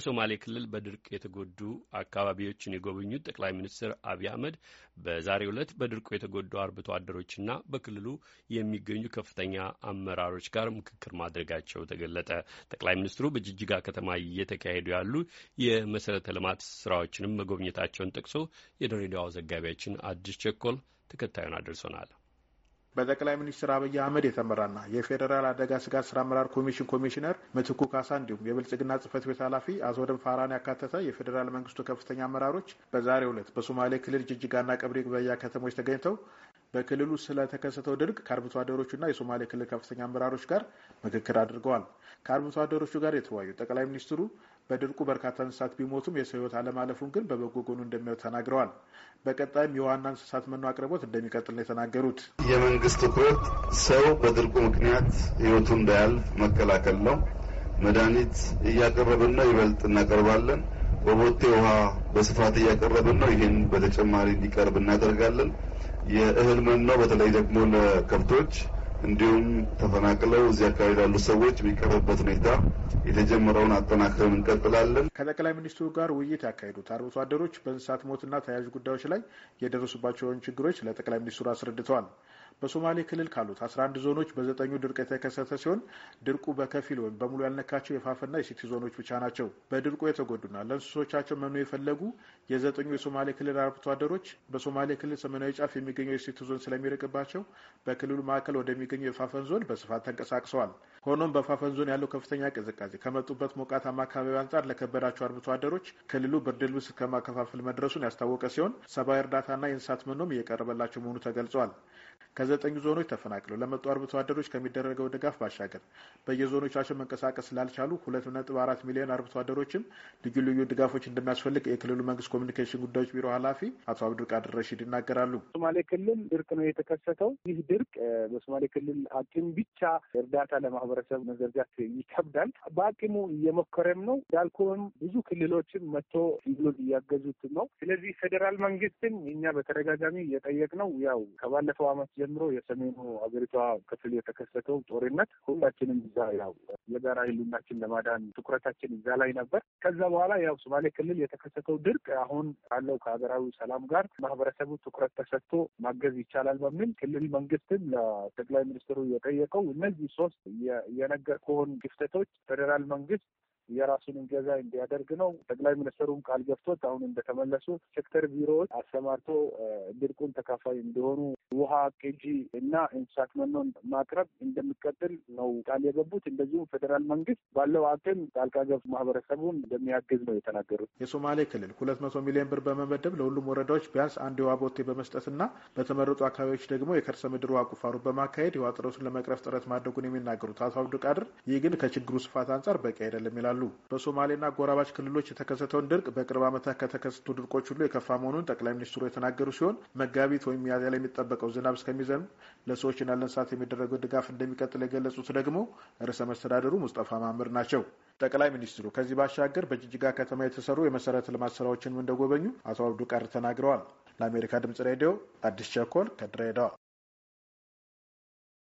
በሶማሌ ክልል በድርቅ የተጎዱ አካባቢዎችን የጎበኙት ጠቅላይ ሚኒስትር አብይ አህመድ በዛሬው ዕለት በድርቁ የተጎዱ አርብቶ አደሮችና በክልሉ የሚገኙ ከፍተኛ አመራሮች ጋር ምክክር ማድረጋቸው ተገለጠ። ጠቅላይ ሚኒስትሩ በጅጅጋ ከተማ እየተካሄዱ ያሉ የመሰረተ ልማት ስራዎችንም መጎብኘታቸውን ጠቅሶ የድሬዳዋ ዘጋቢያችን አዲስ ቸኮል ተከታዩን አድርሶናል። በጠቅላይ ሚኒስትር አብይ አህመድ የተመራና የፌዴራል አደጋ ስጋት ስራ አመራር ኮሚሽን ኮሚሽነር ምትኩ ካሳ እንዲሁም የብልጽግና ጽህፈት ቤት ኃላፊ አቶ ፋራን ያካተተ የፌዴራል መንግስቱ ከፍተኛ አመራሮች በዛሬው ዕለት በሶማሌ ክልል ጅጅጋና ቀብሪ ግበያ ከተሞች ተገኝተው በክልሉ ስለተከሰተው ድርቅ ከአርብቶ አደሮቹና የሶማሌ ክልል ከፍተኛ አመራሮች ጋር ምክክር አድርገዋል። ከአርብቶ አደሮቹ ጋር የተወያዩ ጠቅላይ ሚኒስትሩ በድርቁ በርካታ እንስሳት ቢሞቱም የሰው ሕይወት አለማለፉን ግን በበጎ ጎኑ እንደሚያዩ ተናግረዋል። በቀጣይም የዋና እንስሳት መኖ አቅርቦት እንደሚቀጥል ነው የተናገሩት። የመንግስት ትኩረት ሰው በድርቁ ምክንያት ሕይወቱ እንዳያልፍ መከላከል ነው። መድኃኒት እያቀረብን ነው፣ ይበልጥ እናቀርባለን። በቦቴ ውሃ በስፋት እያቀረብን ነው። ይህን በተጨማሪ እንዲቀርብ እናደርጋለን። የእህል መኖ በተለይ ደግሞ ለከብቶች እንዲሁም ተፈናቅለው እዚህ አካባቢ ላሉ ሰዎች የሚቀርብበት ሁኔታ የተጀመረውን አጠናክረን እንቀጥላለን። ከጠቅላይ ሚኒስትሩ ጋር ውይይት ያካሄዱት አርብቶ አደሮች በእንስሳት ሞትና ተያያዥ ጉዳዮች ላይ የደረሱባቸውን ችግሮች ለጠቅላይ ሚኒስትሩ አስረድተዋል። በሶማሌ ክልል ካሉት 11 ዞኖች በዘጠኙ ድርቅ የተከሰተ ሲሆን ድርቁ በከፊል ወይም በሙሉ ያልነካቸው የፋፈና የሲቲ ዞኖች ብቻ ናቸው። በድርቁ የተጎዱና ለእንስሶቻቸው መኖ የፈለጉ የዘጠኙ የሶማሌ ክልል አርብቶ አደሮች በሶማሌ ክልል ሰሜናዊ ጫፍ የሚገኘው የሲቲ ዞን ስለሚርቅባቸው በክልሉ ማዕከል ወደሚገኘው የፋፈን ዞን በስፋት ተንቀሳቅሰዋል። ሆኖም በፋፈን ዞን ያለው ከፍተኛ ቅዝቃዜ ከመጡበት ሞቃታማ አካባቢ አንጻር ለከበዳቸው አርብቶ አደሮች ክልሉ ብርድ ልብስ ከማከፋፈል መድረሱን ያስታወቀ ሲሆን ሰብአዊ እርዳታና የእንስሳት መኖም እየቀረበላቸው መሆኑ ተገልጿል። ከዘጠኙ ዞኖች ተፈናቅለው ለመጡ አርብቶ አደሮች ከሚደረገው ድጋፍ ባሻገር በየዞኖቻቸው መንቀሳቀስ ላልቻሉ ሁለት ነጥብ አራት ሚሊዮን አርብቶ አደሮችም ልዩ ልዩ ድጋፎች እንደሚያስፈልግ የክልሉ መንግስት ኮሚኒኬሽን ጉዳዮች ቢሮ ኃላፊ አቶ አብዱልቃድር ረሺድ ይናገራሉ። ሶማሌ ክልል ድርቅ ነው የተከሰተው። ይህ ድርቅ በሶማሌ ክልል አቅም ብቻ እርዳታ ለማህበረሰብ መዘርጋት ይከብዳል። በአቅሙ እየሞከረም ነው። እንዳልኩም ብዙ ክልሎችም መጥቶ ክልሉን እያገዙት ነው። ስለዚህ ፌዴራል መንግስትን እኛ በተደጋጋሚ እየጠየቅ ነው ያው ከባለፈው አመት ጀምሮ ጀምሮ የሰሜኑ ሀገሪቷ ክፍል የተከሰተው ጦርነት ሁላችንም እዛ ያው የጋራ ህሉናችን ለማዳን ትኩረታችን እዛ ላይ ነበር። ከዛ በኋላ ያው ሶማሌ ክልል የተከሰተው ድርቅ አሁን ካለው ከሀገራዊ ሰላም ጋር ማህበረሰቡ ትኩረት ተሰጥቶ ማገዝ ይቻላል በሚል ክልል መንግስትን ለጠቅላይ ሚኒስትሩ የጠየቀው እነዚህ ሶስት የነገር ከሆን ክፍተቶች ፌዴራል መንግስት የራሱን እንገዛ እንዲያደርግ ነው። ጠቅላይ ሚኒስትሩም ቃል ገብቶት አሁን እንደተመለሱ ሴክተር ቢሮዎች አሰማርቶ ድርቁን ተካፋይ እንዲሆኑ ውሃ ቅጂ እና እንስሳት መኖን ማቅረብ እንደሚቀጥል ነው ቃል የገቡት። እንደዚሁም ፌዴራል መንግስት ባለው አቅም ጣልቃ ገብ ማህበረሰቡን እንደሚያግዝ ነው የተናገሩት። የሶማሌ ክልል ሁለት መቶ ሚሊዮን ብር በመመደብ ለሁሉም ወረዳዎች ቢያንስ አንድ የውሃ ቦቴ በመስጠትና በተመረጡ አካባቢዎች ደግሞ የከርሰ ምድር ውሃ ቁፋሮ በማካሄድ የውሃ ጥረቱን ለመቅረፍ ጥረት ማድረጉን የሚናገሩት አቶ ቃድር ይህ ግን ከችግሩ ስፋት አንጻር በቂ አይደለም ይላሉ። ይገኛሉ። በሶማሌና ጎራባች ክልሎች የተከሰተውን ድርቅ በቅርብ ዓመታት ከተከሰቱ ድርቆች ሁሉ የከፋ መሆኑን ጠቅላይ ሚኒስትሩ የተናገሩ ሲሆን መጋቢት ወይም ሚያዝያ ላይ የሚጠበቀው ዝናብ እስከሚዘንብ ለሰዎችና ለእንስሳት የሚደረገው ድጋፍ እንደሚቀጥል የገለጹት ደግሞ ርዕሰ መስተዳደሩ ሙስጠፋ ማምር ናቸው። ጠቅላይ ሚኒስትሩ ከዚህ ባሻገር በጅጅጋ ከተማ የተሰሩ የመሰረተ ልማት ስራዎችንም እንደጎበኙ አቶ አብዱ ቀር ተናግረዋል። ለአሜሪካ ድምጽ ሬዲዮ አዲስ ቸኮል ከድሬዳዋ